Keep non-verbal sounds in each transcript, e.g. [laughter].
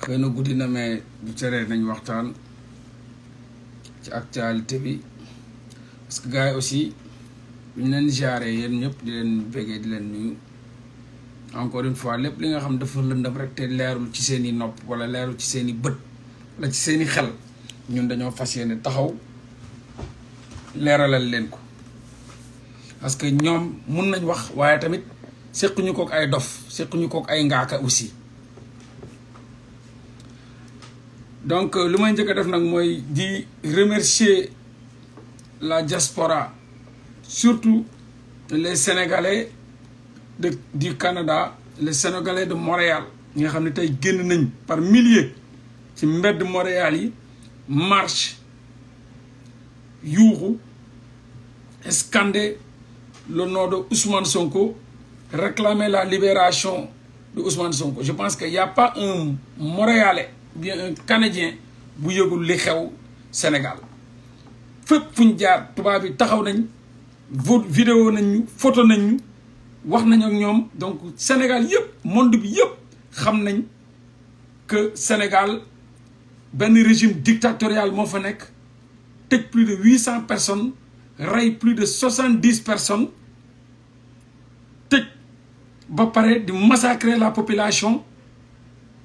xeyna gudi guddi na me bu teree nañ waxtaan ci actualité bi parce que gaay aussi ñu leen jaaree yeen ñëpp di leen bégé di leen nuyu encore une fois lepp li nga xam dafa lëndam rek té lérul ci seen nopp wala lérul ci seen bëtt wala ci seen xel ñun dañoo fas yéene taxaw léralal leen ko parce que ñoom mun nañ wax waaye tamit séquñu ak ay dof séquñu ak ay ngaaka aussi donc euh, le may de remercier la diaspora surtout les sénégalais du Canada les sénégalais de Montréal nga par milliers ci de Montréal marche yuru, le nom de Ousmane Sonko réclamer la libération de Ousmane Sonko je pense qu'il n'y a pas un Montréalais un euh, Canadien, vous avez les vidéos, Sénégal. photos, des photos, des photo, donc Sénégal, le monde, sait que le Sénégal, un régime dictatorial, a tek plus de 800 personnes, ray plus de 70 personnes, a va de massacrer la population,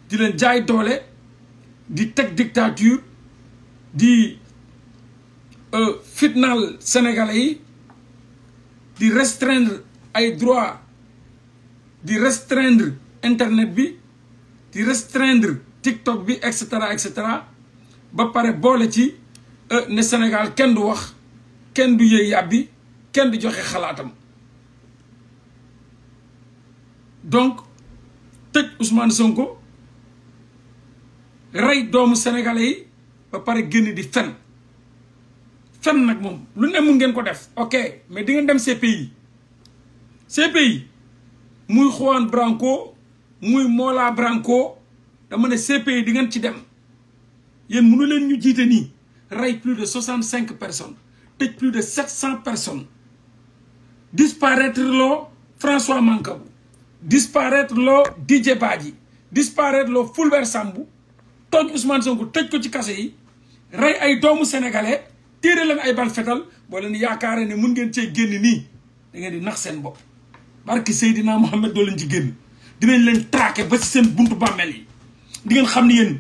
de les di teg dictature di euh, fitnaal sénégalais yi di restreindre ay droit di restreindre internet bi di restreindre TikTok bi et cetera ba pare boole ci euh, ne Sénégal kenn du wax kenn du yëy bi kenn di joxe xalaatam donc tëj Ousmane Sonko ray doomu sénégalais yi ba pare génn di fen fen nag moom lu ne mun ngeen ko def ok mais di ngeen dem ces pays muy Juan Branco muy Mola Branco dama ne pays di ngeen ci dem yéen mënu leen ñu jiite nii ray plus de 65 personnes tëj plus de 700 personnes disparaître loo François Mancabou disparaître loo DJ Badi, disparaître loo Fulbert Sambou tok Ousmane Sonko tëj ko ci kase yi ray ay doomu sénégalais téré lan ay bal fétal bo len yaakaaree ne mën ngeen cee génn ni da ngeen di nax sen bop barki sayidina mohammed do len ci génn dinañ len traqué ba ci sen buntu bammel yi di ngeen xamni yeen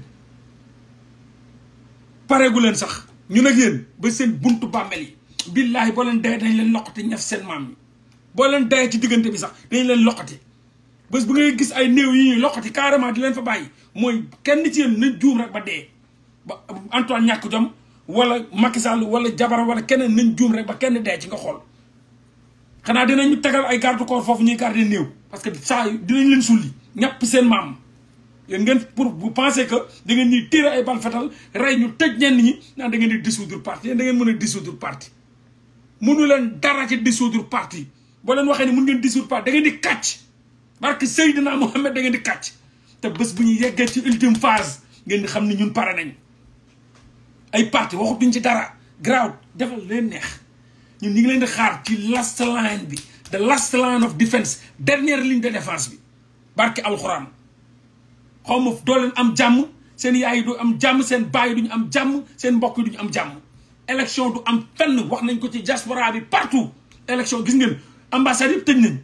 paré gu len sax ñu nak yeen ba sen buntu bammel yi billahi bo len dé dañ len lokati ñaf sen mam yi boo leen ci digënté bi sax dañ len lokati bëss bu ngay gis ay new yi ñu loxati carrément di leen fa bàyyi moy kenn ci yéen nañ rek ba dé Antoine ñàkk jom wala Macky Sall wala Jabar wala keneen nañ joom rek ba kenn dé ci nga xana dinañ ñu tégal ay carte corps fofu ñuy carte new parce que saa dinañ leen sulli ñap seen mam yeen ngeen pour vous penser que da ngeen ni tirer ay bal fatal ray ñu tej ñen ñi da ngeen di dissoudre parti da ngeen mëna dissoudre parti mënu leen dara ci dissoudre parti bo leen waxé ni mënu ngeen dissoudre parti da ngeen di kàcc barke Seydina Mohamed da ngeen di kàcc te bés bu ñu yeggee ci ultime phase ngeen di xam ne ñun pare nañ ay parti waxutuñ ci dara graw defal leen neex ñun ñu ngi leen di xaar ci last line bi the last line of defense dernière ligne de défense bi barke alxuraan xaw ma doo leen am jàmm seen yaay yi du am jàmm seen baay yi ñu am jàmm seen mbokk yi ñu am jàmm élection du am fenn wax nañ ko ci diaspora bi partout élection gis ngeen ambassade yëpp tëj nañ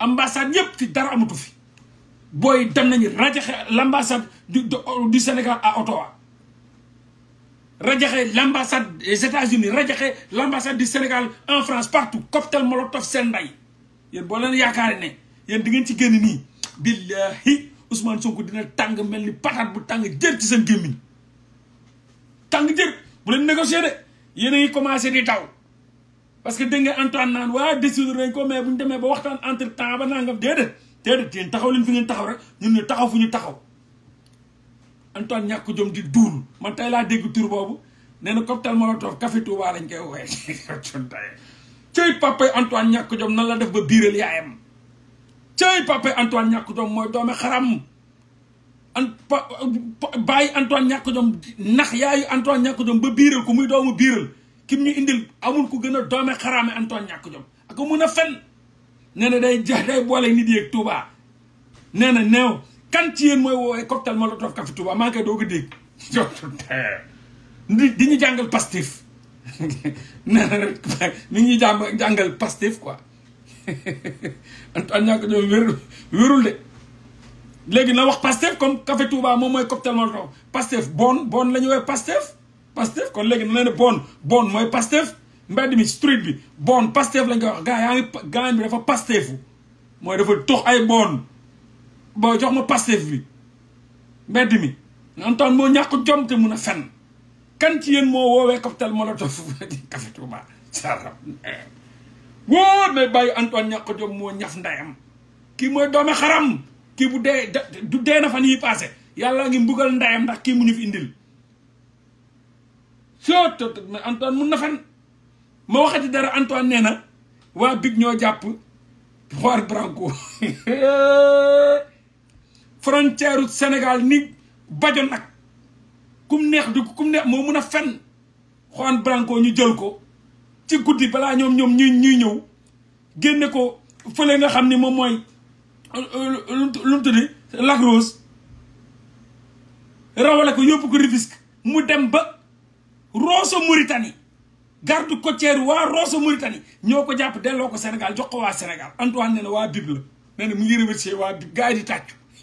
ambassade yépp ci dara amatu fi boy dem nañu rajaxe l'ambassade du du Sénégal à Ottawa rajaxe l'ambassade des États-Unis l'ambassade du Sénégal en France partout cocktail molotov seen nday yéen boo leen yaakaare né yeen di ngeen ci gën ni billahi Ousmane Sonko dina tang melni ni patate bu tang jër ci sen gemmi tang jër bu leen négocier dé yeen ngi commencé di taw parce que dégg nga Antoine naan waa décider nañ ko mais bu ñu demee ba waxtaan entre temps ba nangam déedéet déedéet yéen taxaw leen fi ngeen taxaw rek ñun ñu taxaw fu ñu taxaw Antoine ñàkk jom di duul man tey laa dégg tur boobu nee na cocktail molotov café Touba lañ koy wooye [laughs] cey papay Antoine ñàkk jom nan la def ba biiral yaayam cey papay Antoine ñàkk jom mooy doome xaram an bàyyi Antoine ñàkk jom nax yaay Antoine ñàkk jom ba biiral ku muy doomu biiral kim ñu indil amul ku gën a doome xaraame Antoine ñàkk jom ak mun a fen nee na day jeex day boole nit yeeg Touba nee na neew kan ci mooy wooy cocktail molotov café Touba maa ngi koy doog a dégg di jàngal pastif [laughs] nee na mi ngi jàmm jàngal pastif quoi [laughs] Antoine ñàkk jom de léegi na wax pastef comme café Touba moom mooy cocktail molotov pastef bon bon la ñu woowee Pastef kon legui dañ leen bon bon moy Pastef mbedd mi street bi bon Pastef lañ koy wax gaay yaangi gaay bi dafa Pastefu moy dafa tux ay bon ba jox ma Pastef bi mbedd mi en tant mo ñàkk jom te mun a fen kan ci yéen mo woowee cocktail molotov [laughs] café Touba saram wóor mais bay Antoine ñak jom mo ñaf ndayam ki moy doome xaram ki bu dee du dee na fan yi passé yalla ngi mbugal ndayam ndax ki mu ñu fi indil soo Antoine mun na fen ma waxati dara Antoine nee na waa big ñoo jàpp Juan Branco [laughs] frontière Sénégal ni bajo nag kum neex du kum neex moo mun a fen Juan Branco ñu jël ko ci guddi balaa ñoom ñoom ñuy ñuy ñëw génne ko fële nga xam ni moom mooy euh, lu mu tuddi Lac Rose rawale ko yóbbu ko Rufisque mu dem ba Rosso Mauritanie garde côtière waa Rosso Mauritanie ñoo ko jàpp delloo ko Sénégal jox ko waa Sénégal Antoine nee na waa bib la nee mu ngi remercier waa bib gars yi di tàccu [laughs]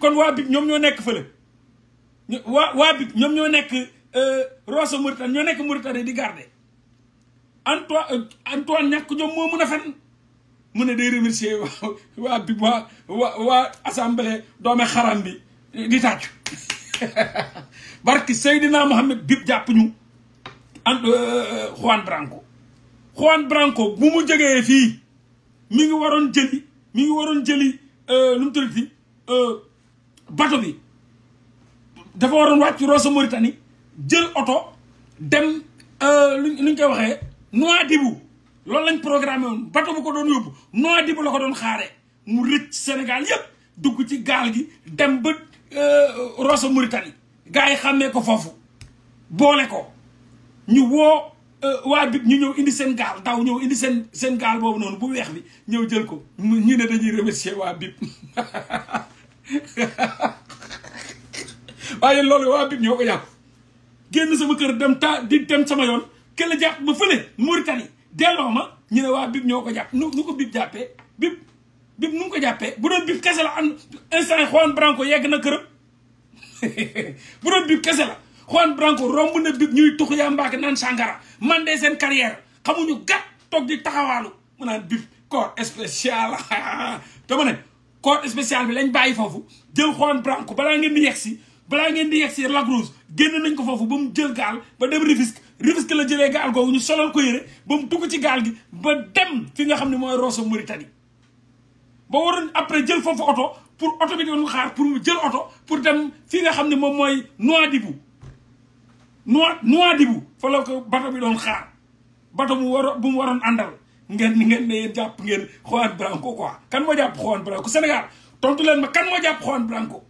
kon waa bib ñoom ñoo nekk fële waa waa bib ñoom ñoo nekk euh, Rosso Mauritanie ñoo nekk Mauritanie di garde Antoine euh, Antoine ñàkk ñoom moo a fen mu ne day remercier [laughs] waa waa waa waa assemblée doome xaram bi di tàccu [laughs] barki Seydina Mohamed bib jàpp ñu and euh, euh, Juan Branco Juan Branco bu mu jógee fii mi ngi waroon jëli mi ngi waroon jëli euh, lu mu tuddati bato bi dafa waroon wàcc Rosso Mauritanie jël oto dem lu ñu koy waxee Nouadhibou loolu lañ programme woon bato bu ko doon yóbbu Nouadhibou la ko doon xaare mu rëcc Sénégal yëpp dugg ci gaal gi dem ba Rosso Mauritanie gars yi xàmmee ko foofu boole ko ñu woo euh, waa bib ñu ñëw indi seen gaal daw ñëw indi seen seen gaal boobu noonu bu weex bi ñëw jël ko ñu ne dañuy remercier waa bib [laughs] waaye loolu waa bib ñoo ko jàpp génn sama kër dem ta di dem sama yoon kële jàpp ba fële Mauritanie delloo ma ñu ne waa bib ñoo ko jàpp nu nu ko bib jàppee bib bib nu mu ko jàppee bu doon bib kese la am instant Juan Branco yegg na këram bu doon bib kese la Juan Branco romb na bib ñuy tux yaa mbaake naan sàngara man de seen carrière xamuñu gàtt toog di taxawaalu mu naan bib corps spécial [laughs] dama ne corps spécial bi lañ bàyyi foofu jël Juan Branco balaa ngeen di yegg si balaa ngeen di yegg si Rose génn nañ ko foofu ba mu jël gaal ba dem Rufisque Rufisque la jëlee gaal googu ñu solal ko yére ba mu dugg ci gaal gi ba dem fi nga xam ne mooy Rosso Mauritanie ba waroon après jël foofu oto pour oto bi doon xaar pour mu jël oto pour dem fii nga xam ne moom mooy Nouadhibou Noua Nouadhibou fa la ko bato bi doon xaar bato mu war bu mu waroon àndal ngeen ngeen ne jàpp ngeen Juan Branco quoi. kan moo jàpp Juan Branco Sénégal tontu leen ma kan moo jàpp Juan Branco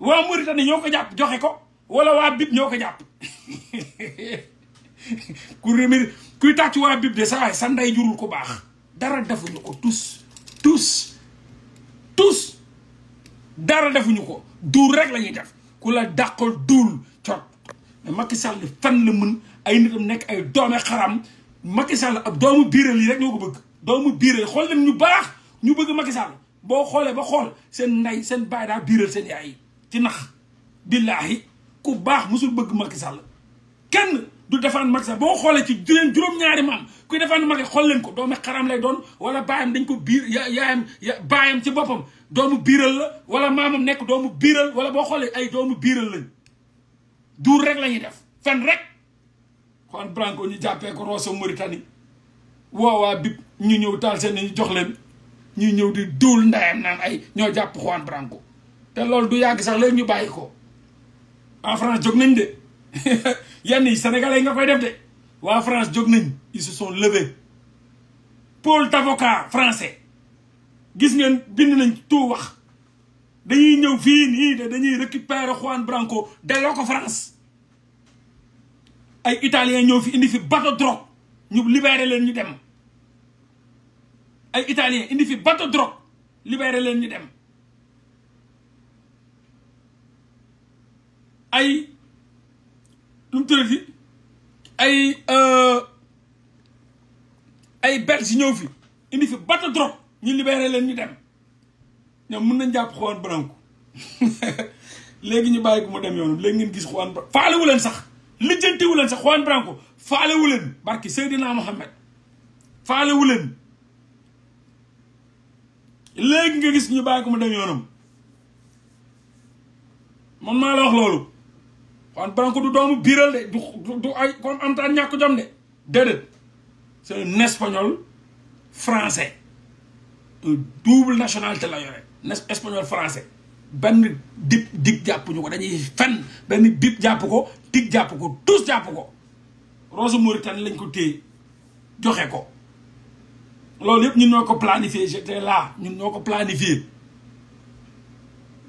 waa Mauritanie ñoo ko jàpp joxe ko wala waa BIP ñoo ko jàpp [laughs] ku remercié kuy tàcc waa BIP de sa waay sa ndey jurul ko baax dara defuñu ko tous tous tous. dara defuñu ko duur rek lañuy def ku la dàqool duul cot mais Macky Sall fan la mun ay nitam nekk ay doome xaram Macky Sall ab doomu biiral yi rek ñoo ko bëgg doomu biiral xool leen ñu baax ñu bëgg Macky Sall boo xoolee ba xool seen ndey seen baay daa seen yaay yi ci nax billaahi ku baax musul bëgg Macky sàll kenn du defaan mag sax boo xoolee ci juróom juróom-ñaari mam ku defaan mag xol leen ko doomi xaram lay doon wala bayam dañ ko bir ya-, yaayam ya-, bayam ci bopam doomu biral la wala mamam nek doomu biral wala bo xolé ay doomu biral lañ du rek la def fen rek Juan Branco ñu jappé ko Rosso Mauritanie woowaa bi ñu ñew taal seen ñu jox leen ñu ñew di dul ndayam nan ay ño japp Juan Branco té lool du yag sax léegi ñu bayiko ko en France jog nañ de [laughs] yenn yi sénégalais nga koy def de waa France jóg ils se sont levés Paul d'avocat français gis voyez, bind nañ tout wax dañuy ñëw fii nii de dañuy récupérer Juan Branco delloo ko France ay italiens sont fi indi fi bateau drogue ñu libéré leen ñu dem ay italiens indi fi bateau drogue Libérer leen ñu dem ay tëradi ay euh, ay belge ñëw fi indi fi bateau drogue ñu libéré leen ñu dem ñoom mën nañ jàpp Juan Branco [laughs] léegi ñu bàyyi ko mu dem yoonu léegi gis Juan Branco leen sax lijjantiwu leen sax Juan Branco faalewu leen barki Seydina léegi nga gis ñu bàyyi ko mu dem yoonam man maa la loolu Juan Branco du doomu biiral de du du ay comme am taan ñàkk jom de déedéet c'est un espagnol français un double nationalité la yore espagnol français benn dip dig jàpp ñu ko dañuy fen benn bip jàpp ko dig jàpp ko tous jàpp ko Rose Mauritanie lañ ko té joxe ko loolu yëpp ñun noo ko planifier j'étais la ñun ñoo ko planifié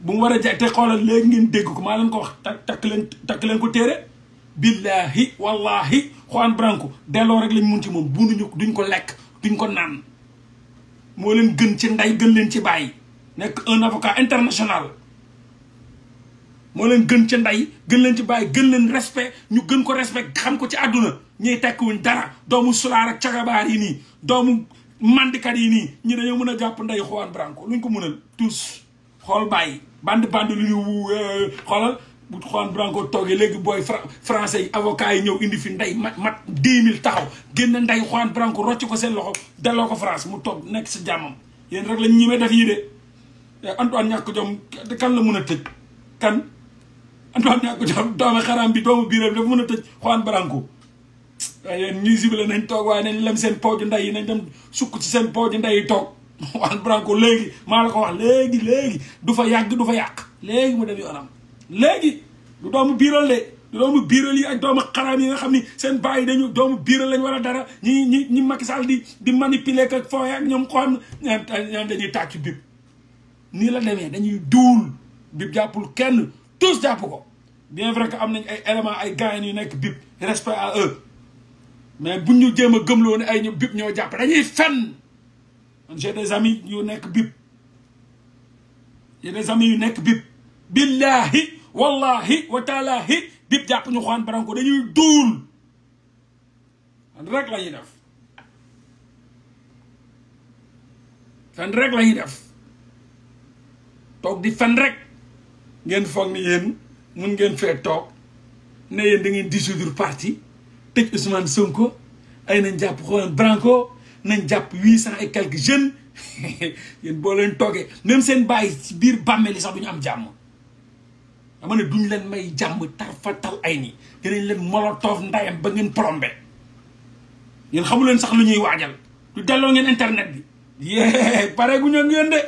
bu mu wara a jaay te xolal léegi ngeen dégg ko ma lan ko wax tak leen tak leen ko téré billahi wallahi Juan Branco delo rek lañ mën ci bu bunuñu duñ ko lek duñ ko nan mo leen gën ci nday gën leen ci bay nek un avocat international mo leen gën ci nday gën leen ci bay gën leen respect ñu gën ko respect xam ko ci ñi ñuy wuñ dara doomu sulara ak yi ni doomu mandikat yi ni ñi dañu mëna japp nday xwan Juan luñ ko mënal tous xool bàyyi band band lu ñu euh, xoolal bu Juan Branco toogee léegi booy français yi avocat yi ñëw indi fi ndey mat mat dix mille taxaw génn ndey Juan Branco rocc ko seen loxo delloo ko France mu toog nekk sa jàmmam yéen rek lañ ñimee def yii de eh, Antoine ñàkk jom kan la mun a tëj kan Antoine ñàkk jom doomu xaram bi doomu biiram dafa mun a tëj Juan Branco waaye eh, yéen ñuy sibile nañ toog waaye nañ lem seen pooju ndey yi nañ dem sukk ci seen pooju ndey yi toog Juan [laughs] Branco léegi maa la ko wax léegi léegi du fa yàgg du fa yàq léegi mu dem yoonam léegi du doomu biiral de du doomu biiral yi ak doomu xaraam yi nga xam ni seen bàyyi dañu doomu biiral lañ wala dara ñi ñi ñi Macky Sall di di manipuler ak fooy ak ñoom xool ñoom dañuy tàcc bib nii la demee dañuy duul bib jàppul kenn tous jàpp ko bien vrai que am nañ ay éléments ay gars yu nekk bib respect à mais buñ ñu jéem a gëmloo ne ay ñu bib ñoo jàpp dañuy fenn. j'ai des amis yu nekk bib j'ai des amis yu nekk bib billahi wallahi wa bib jàpp ñu Juan Branco dañuy duul tan rek la def fen rek la def toog di fen rek ngeen foog ni yéen mun ngeen fee toog ne yéen da ngeen dissoudre parti tëj Ousmane Sonko ay nañ jàpp Juan Branco nañ jàpp huit cent ay quelques jeunes [laughs] yéen boo leen toogee même seen bàyyi ci biir bàmmeel yi sax du ñu am jàmm dama ne duñ leen may jàmm tar fatal ay nii dinañ leen molotov ndayam ba ngeen plombé yéen xamu leen sax lu ñuy waajal du delloo ngeen internet bi yee pare gu ñu ngeen de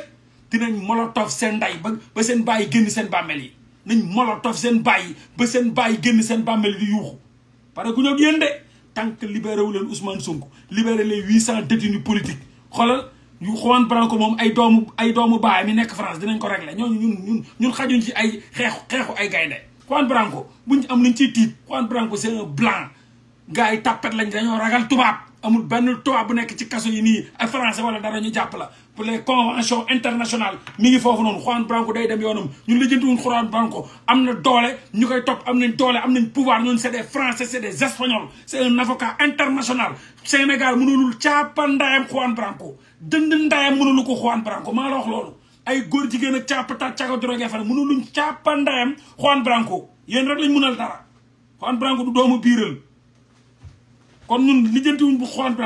dinañ molotov seen nday ba ba seen bàyyi génn seen bàmmeel yi nañ molotov seen bàyyi ba seen bàyyi génn seen bàmmeel yi di yuuxu pare gu ñu ngeen de tant que libéré wu leen Ousmane Sonko libéré les huit cent détenus politiques xoolal ñu Juan Branco moom ay doomu ay doomu baay mi nekk France dinañ ko réglé ñooñu ñun ñun ñun xajuñ ci ay xeexu xeexu ay gaynde Juan Branco buñ am nañ ciy tiit Juan Branco c'est un blanc gars yi tàppet lañ dañoo ragal tubaab amul benn tubaab bu nekk ci kaso yi nii ay français wala dara ñu jàpp la pour les international internationales mi ngi foofu noonu Juan Branco day dem yoonam ñun lijjantiwuñ Juan Branco am na doole ñu koy topp am nañ doole am nañ pouvoir ñun c' est des français c' est des espagnols c' est un avocat international Sénégal mënulul caapa ndayam Juan Branco dënd ndayam mënulu ko Juan Branco maa la wax ay góor jigéen ak caapa ta caka drogué fana mënuluñ caapa ndayam Juan Branco yéen rek lañ mënal dara Juan Branco du doomu biiral kon ñun lijjantiwuñ bu Juan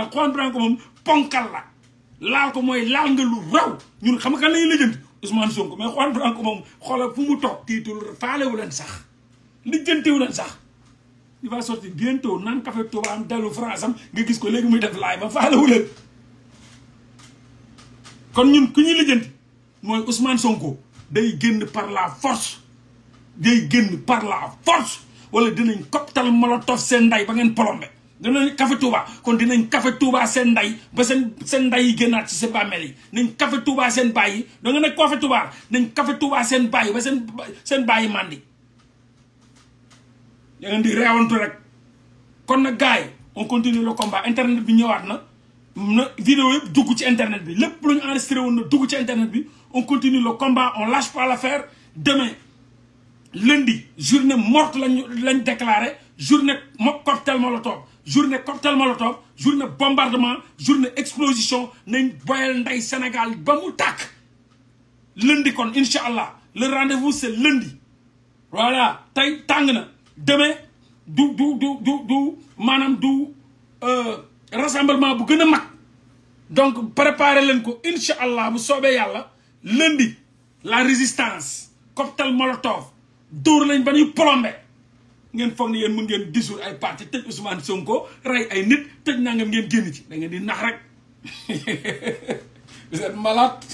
laal ko mooy laal nga lu raw ñun xam nga kan lañuy lijjanti Ousmane Sonko mais Juan moom xoolal fu mu toog tiitul faalewu leen sax lijjantiwu leen sax il va sortir bientôt nan café Touba am dalu France am nga gis ko léegi muy def laay ba faalewu leen kon ñun ku ñuy lijjanti mooy Ousmane Sonko day génn par la force day génn par la force wala dinañ cocktail molotov seen nday ba ngeen plombé danañ kafe Touba kon dinañ café Touba sen nday ba sen sen nday yi ci seen bàmmeel yi nañ kafe Touba sen baay yi doo nga nekk café Touba nañ café Touba sen baay ba sen sen yi rek kon na gaay on continue le combat internet bi ñëwaat na vidéo yëpp dugg ci internet bi lepp lu ñu enregistré woon na dugg ci internet bi on continue le combat on lâche pas l'affaire demain lundi journée morte lañ lañ déclaré journée mo cocktail journée cocktail molotov journée bombardement journée explosion nañ boyal le Sénégal bamou tak lundi kon inshallah le rendez-vous c'est lundi voilà tay tangna demain du du du du du manam du euh, rassemblement bu donc préparez le ko inshallah bu lundi la résistance cocktail molotov Dur lañ ba ngeen fogg ne yeen mën ngeen gisul ay parti tëj Ousmane Sonko rey ay nit tëj nangam ngeen génn ci da ngeen di nax rek [laughs] vous êtes malade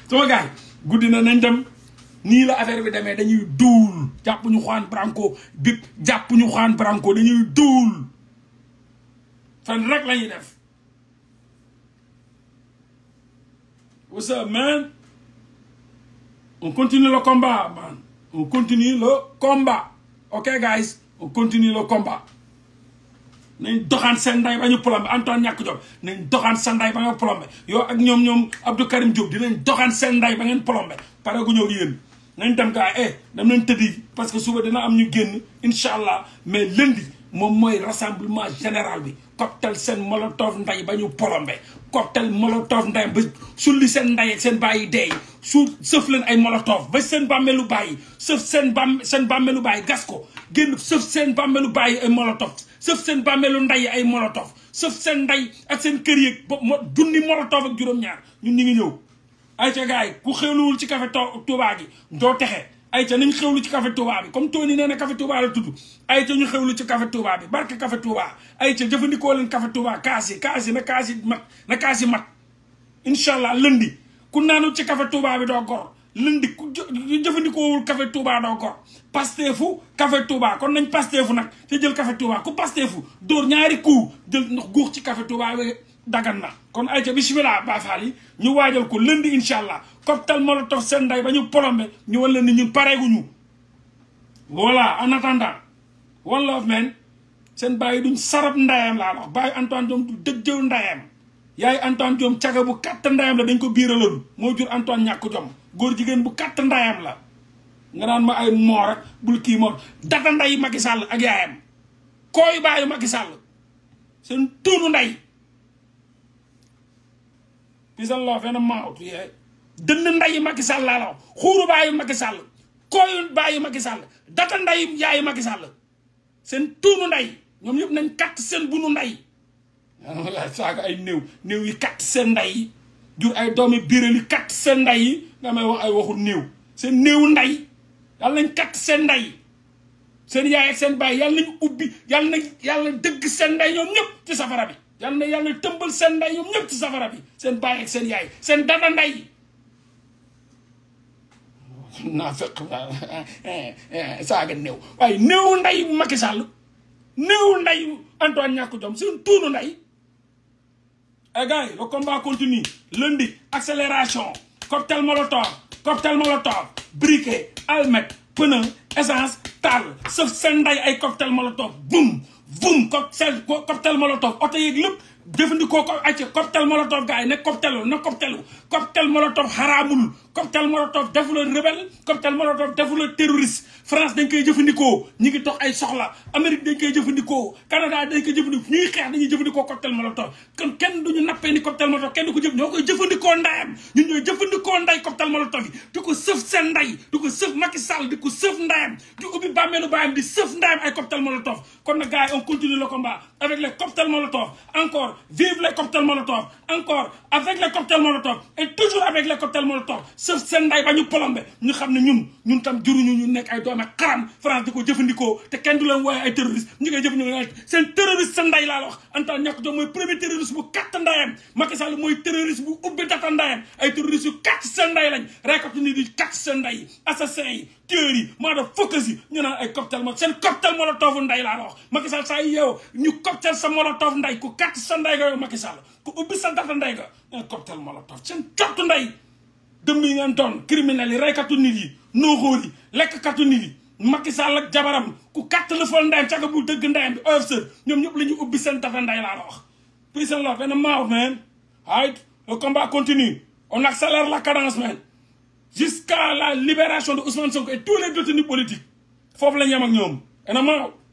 [laughs] sama gars guddi na nañ dem ni la affaire bi demee dañuy duul jàpp ñu Juan Branco bip jàpp ñu Juan Branco dañuy duul fan rek lañuy def what's up man on continue le combat man on continue le combat ok guys on continue le combat nañ doxaan seen nday ba ñu plombé Antoine ñàkk jom nañ doxaan seen nday ba nga plombé yow ak ñoom ñoom Abdou Karim Diop dinañ doxaan seen nday ba ngeen plombé pare gu ñoo yéen nañ dem gaa eh dam nañ tëddi parce que suba dina am ñu génn incha allah mais lundi moom mooy rassemblement général bi cocktail seen molotov nday ba ñu polombe cocktail molotov nday ba sulli seen nday ak seen bàyyi deey su sëf leen ay molotov ba seen bàmmeelu bàyyi sëf seen bam seen bàmmeelu baay gas ko génn sëf seen bàmmeelu bàyyi ay molotov sëf seen bàmmeelu nday ay molotov sëf seen nday ak seen kër yeeg ba junni molotov ak juróom-ñaar ñun ñu ngi ñëw ay ca gaay ku xewluwul ci café Touba gi doo texe ay ca xewlu ci café Touba bi comme Tony nee na café Touba la tudd ayca ñu xewlu ci café Touba bi barke café Touba ayca jëfandikoo leen café Touba kaas yi kaas yi na kaas yi mat na kaas yi mat incha allah lëndi ku naanul ci café Touba bi doo gor lëndi ku jëfandikoowul café Touba doo gor pasteefu kon nañ pasteefu nag te jël café Touba ku pasteefu dóor ñaari coup jël ndox guux ci café Touba bi dagan na kon ayca bisimilah Baay Faal yi ñu waajal ko lëndi incha allah cocktail molotov seen nday ba ñu plombé ñu wan leen ni ñun pareeguñu voilà en attendant one love man seen bàyyi duñ sarab ndayam laa wax bàyyi Antoine Diome du dëjjëw ndayam yaay Antoine Diome caga bu katt ndayam la dañ ko biiraloon moo jur Antoine ñàkk jom góor jigéen bu katt la nga naan ma ay moor ak bul kii moor data nday Macky Sall ak yaayam kooy bàyyi Macky sàll seen tuunu nday peace and love and mouth yeah dënn ndayi Macky Sall laa la wax xuuru baayu Macky Sall kooyu baayu Macky Sall data ndayi yaayu nday ñoom ñëpp nañ katt seen bunu nday la ay néew néew yi katt seen nday yi jur ay doomi biiral yi katt seen nday waxu néew seen néewu nday yàlla nañ katt seen nday seen yaay ak seen baay yàlla nañ ubbi yàlla nañ dëgg seen nday ñoom ñëpp ci safara bi yal na yàlla tëmbal seen nday ñoom ñëpp ci safara bi seen baay ak seen yaay seen dada nday naa fekk saaga néew waaye néewu nday Macky Sall néewu nday Antoine ñàkk tuunu nday eh gars yi continue lundi accélération cocktail molotov cocktail molotov briquet almet pneu essence taal sëf seen ay cocktail molotov boum bum cocktail cocktail molotov oto yeeg lépp jëfandikoo ko acca cocktail molotov gars yi ne cocktail na cocktail cocktail molotov xaraamul cocktail molotov defu la rebelle cocktail molotov defu terroriste France dañ koy jëfandikoo ñi ngi dox ay soxla Amérique dañ koy jëfandikoo Canada dañ koy jëfandikoo ñuy xeex dañuy jëfandikoo cocktail molotov kon kenn duñu nappee ni cocktail molotov kenn du ko jëf ñoo koy jëfandikoo ndayam ñun ñooy jëfandikoo nday cocktail molotov yi di ko sëf seen nday di ko sëf Macky Sall di ko sëf ndayam di ubbi bàmmeelu baayam di sëf ndayam ay cocktail molotov kon nag gars yi on continue le combat sëf seen nday ba ñu plombé ñu xam ne ñun ñun tam juruñu ñu nekk ay doomi xaram France di ko jëfandikoo te kenn du leen wooye ay terroriste ñu koy jëfandikoo seen terroriste seen nday laa la wax Anta ñàkk jom mooy premier terroriste bu katt ndayam Macky Sall mooy terroriste bu ubbi data ndayam ay terroriste yu katt seen nday lañ récolte ni di katt ñu naan ay cocktail mo seen cocktail molotov nday laa la wax Macky Sall saa yow ñu sa molotov nday ku katt sa nday nga yow Macky ubbi sa data nday nga un cocktail molotov seen cott nday dëmm yi ngeen doon criminels yi reykatu nit yi nooxóor yi lekkkatu nit yi jabaram ku katt la fal ndeyam caga bu dëgg ndeyam bi of ñoom ñëpp la ñu ubbi seen tafe ndey laa la puis seen love and mouth man right le combat continue on accélère la cadence man jusqu'à la libération de Ousmane Sonko et tous les détenus politiques foofu la ñu yem ak ñoom and mouth